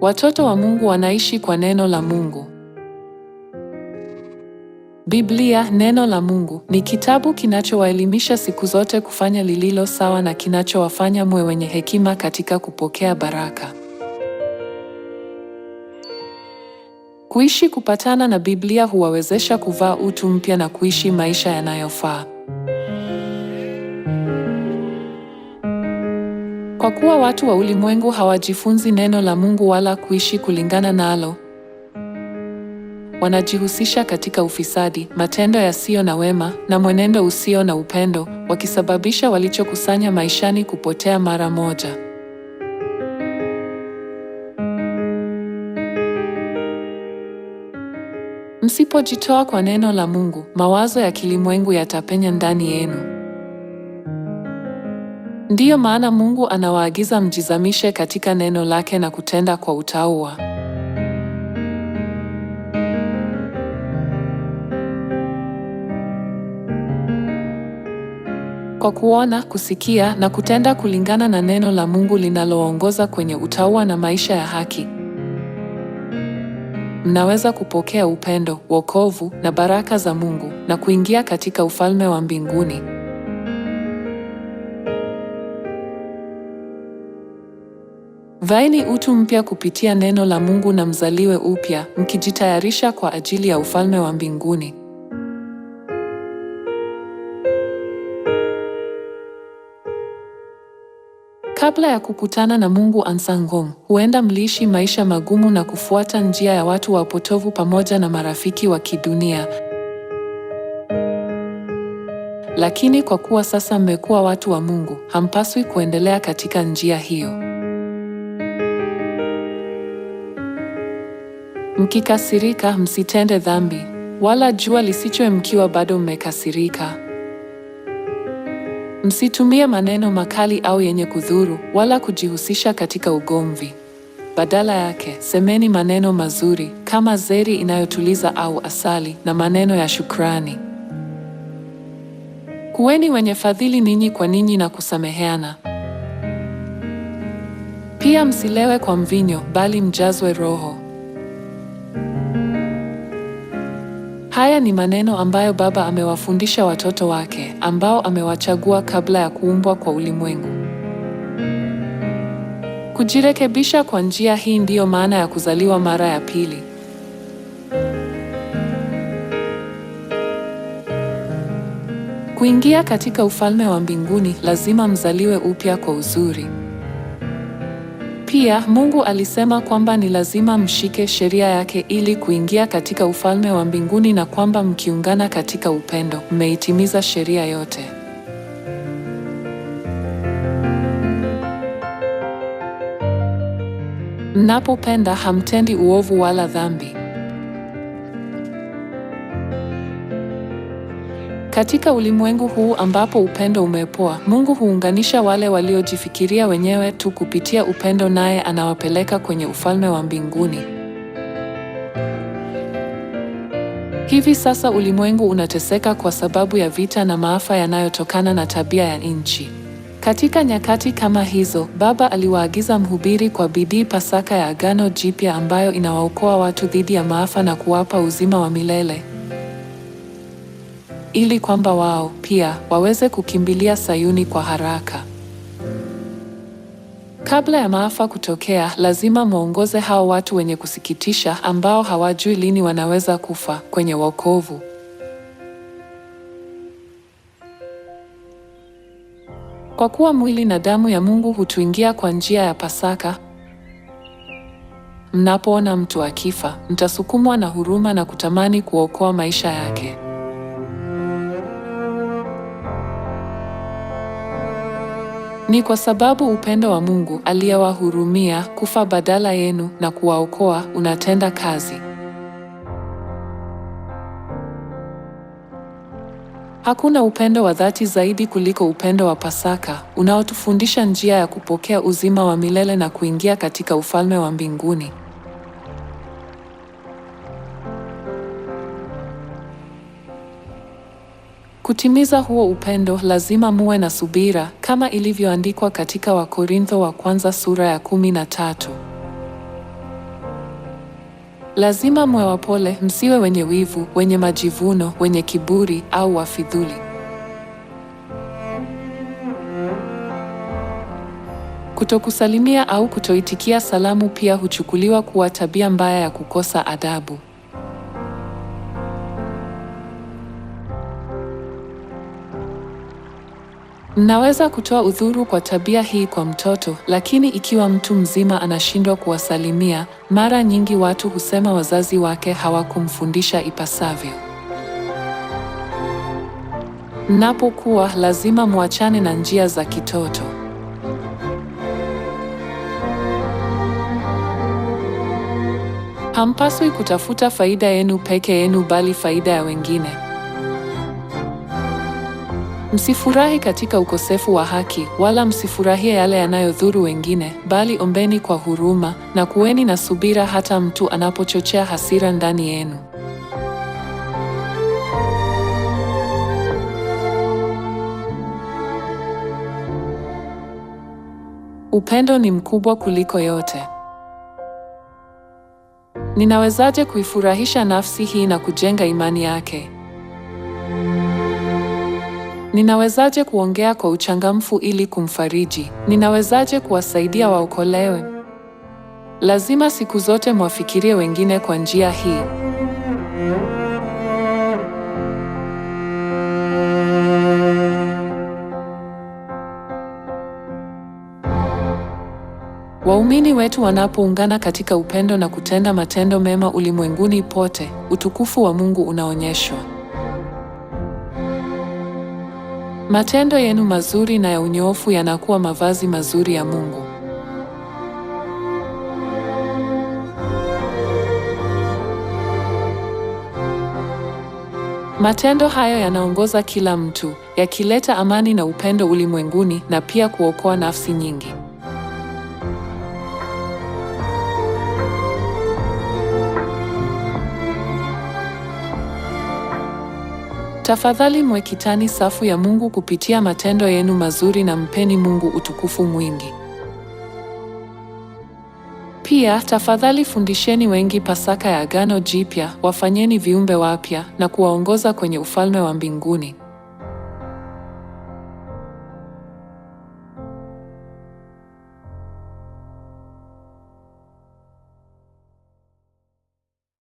Watoto wa Mungu wanaishi kwa neno la Mungu. Biblia, neno la Mungu, ni kitabu kinachowaelimisha siku zote kufanya lililo sawa na kinachowafanya mwe wenye hekima katika kupokea baraka. Kuishi kupatana na Biblia huwawezesha kuvaa utu mpya na kuishi maisha yanayofaa. kuwa watu wa ulimwengu hawajifunzi neno la Mungu wala kuishi kulingana nalo. Wanajihusisha katika ufisadi, matendo yasiyo na wema na mwenendo usio na upendo, wakisababisha walichokusanya maishani kupotea mara moja. Msipojitoa kwa neno la Mungu, mawazo ya kilimwengu yatapenya ndani yenu. Ndiyo maana Mungu anawaagiza mjizamishe katika neno lake na kutenda kwa utauwa. Kwa kuona, kusikia na kutenda kulingana na neno la Mungu linaloongoza kwenye utauwa na maisha ya haki. Mnaweza kupokea upendo, wokovu na baraka za Mungu na kuingia katika ufalme wa mbinguni. Vaeni utu mpya kupitia neno la Mungu na mzaliwe upya, mkijitayarisha kwa ajili ya ufalme wa mbinguni. Kabla ya kukutana na Mungu Ahnsahnghong, huenda mliishi maisha magumu na kufuata njia ya watu wapotovu pamoja na marafiki wa kidunia. Lakini kwa kuwa sasa mmekuwa watu wa Mungu, hampaswi kuendelea katika njia hiyo. Mkikasirika msitende dhambi, wala jua lisichwe mkiwa bado mmekasirika. Msitumie maneno makali au yenye kudhuru, wala kujihusisha katika ugomvi. Badala yake, semeni maneno mazuri kama zeri inayotuliza au asali, na maneno ya shukrani. Kuweni wenye fadhili ninyi kwa ninyi na kusameheana. Pia msilewe kwa mvinyo, bali mjazwe Roho. Haya ni maneno ambayo Baba amewafundisha watoto wake ambao amewachagua kabla ya kuumbwa kwa ulimwengu. Kujirekebisha kwa njia hii ndiyo maana ya kuzaliwa mara ya pili. Kuingia katika ufalme wa mbinguni lazima mzaliwe upya kwa uzuri. Pia Mungu alisema kwamba ni lazima mshike sheria yake ili kuingia katika ufalme wa mbinguni na kwamba mkiungana katika upendo, mmeitimiza sheria yote. Mnapopenda hamtendi uovu wala dhambi. Katika ulimwengu huu ambapo upendo umepoa, Mungu huunganisha wale waliojifikiria wenyewe tu kupitia upendo, naye anawapeleka kwenye ufalme wa mbinguni. Hivi sasa ulimwengu unateseka kwa sababu ya vita na maafa yanayotokana na tabia ya nchi. Katika nyakati kama hizo, Baba aliwaagiza mhubiri kwa bidii Pasaka ya Agano Jipya ambayo inawaokoa watu dhidi ya maafa na kuwapa uzima wa milele ili kwamba wao pia waweze kukimbilia Sayuni kwa haraka. Kabla ya maafa kutokea, lazima mwongoze hao watu wenye kusikitisha ambao hawajui lini wanaweza kufa kwenye wokovu. Kwa kuwa mwili na damu ya Mungu hutuingia kwa njia ya Pasaka, mnapoona mtu akifa, mtasukumwa na huruma na kutamani kuokoa maisha yake. Ni kwa sababu upendo wa Mungu aliyewahurumia kufa badala yenu na kuwaokoa unatenda kazi. Hakuna upendo wa dhati zaidi kuliko upendo wa Pasaka unaotufundisha njia ya kupokea uzima wa milele na kuingia katika ufalme wa mbinguni. Kutimiza huo upendo lazima muwe na subira, kama ilivyoandikwa katika Wakorintho wa kwanza sura ya kumi na tatu. Lazima mwe wapole, msiwe wenye wivu, wenye majivuno, wenye kiburi au wafidhuli. Kutokusalimia au kutoitikia salamu pia huchukuliwa kuwa tabia mbaya ya kukosa adabu. Naweza kutoa udhuru kwa tabia hii kwa mtoto, lakini ikiwa mtu mzima anashindwa kuwasalimia, mara nyingi watu husema wazazi wake hawakumfundisha ipasavyo. Napokuwa lazima mwachane na njia za kitoto. Hampaswi kutafuta faida yenu peke yenu, bali faida ya wengine. Msifurahi katika ukosefu wa haki, wala msifurahie yale yanayodhuru wengine, bali ombeni kwa huruma, na kuweni na subira hata mtu anapochochea hasira ndani yenu. Upendo ni mkubwa kuliko yote. Ninawezaje kuifurahisha nafsi hii na kujenga imani yake? Ninawezaje kuongea kwa uchangamfu ili kumfariji? Ninawezaje kuwasaidia waokolewe? Lazima siku zote mwafikirie wengine kwa njia hii. Waumini wetu wanapoungana katika upendo na kutenda matendo mema ulimwenguni pote, utukufu wa Mungu unaonyeshwa. Matendo yenu mazuri na ya unyoofu yanakuwa mavazi mazuri ya Mungu. Matendo hayo yanaongoza kila mtu, yakileta amani na upendo ulimwenguni na pia kuokoa nafsi nyingi. Tafadhali mwekitani safu ya Mungu kupitia matendo yenu mazuri na mpeni Mungu utukufu mwingi. Pia tafadhali fundisheni wengi Pasaka ya Agano Jipya, wafanyeni viumbe wapya na kuwaongoza kwenye ufalme wa mbinguni.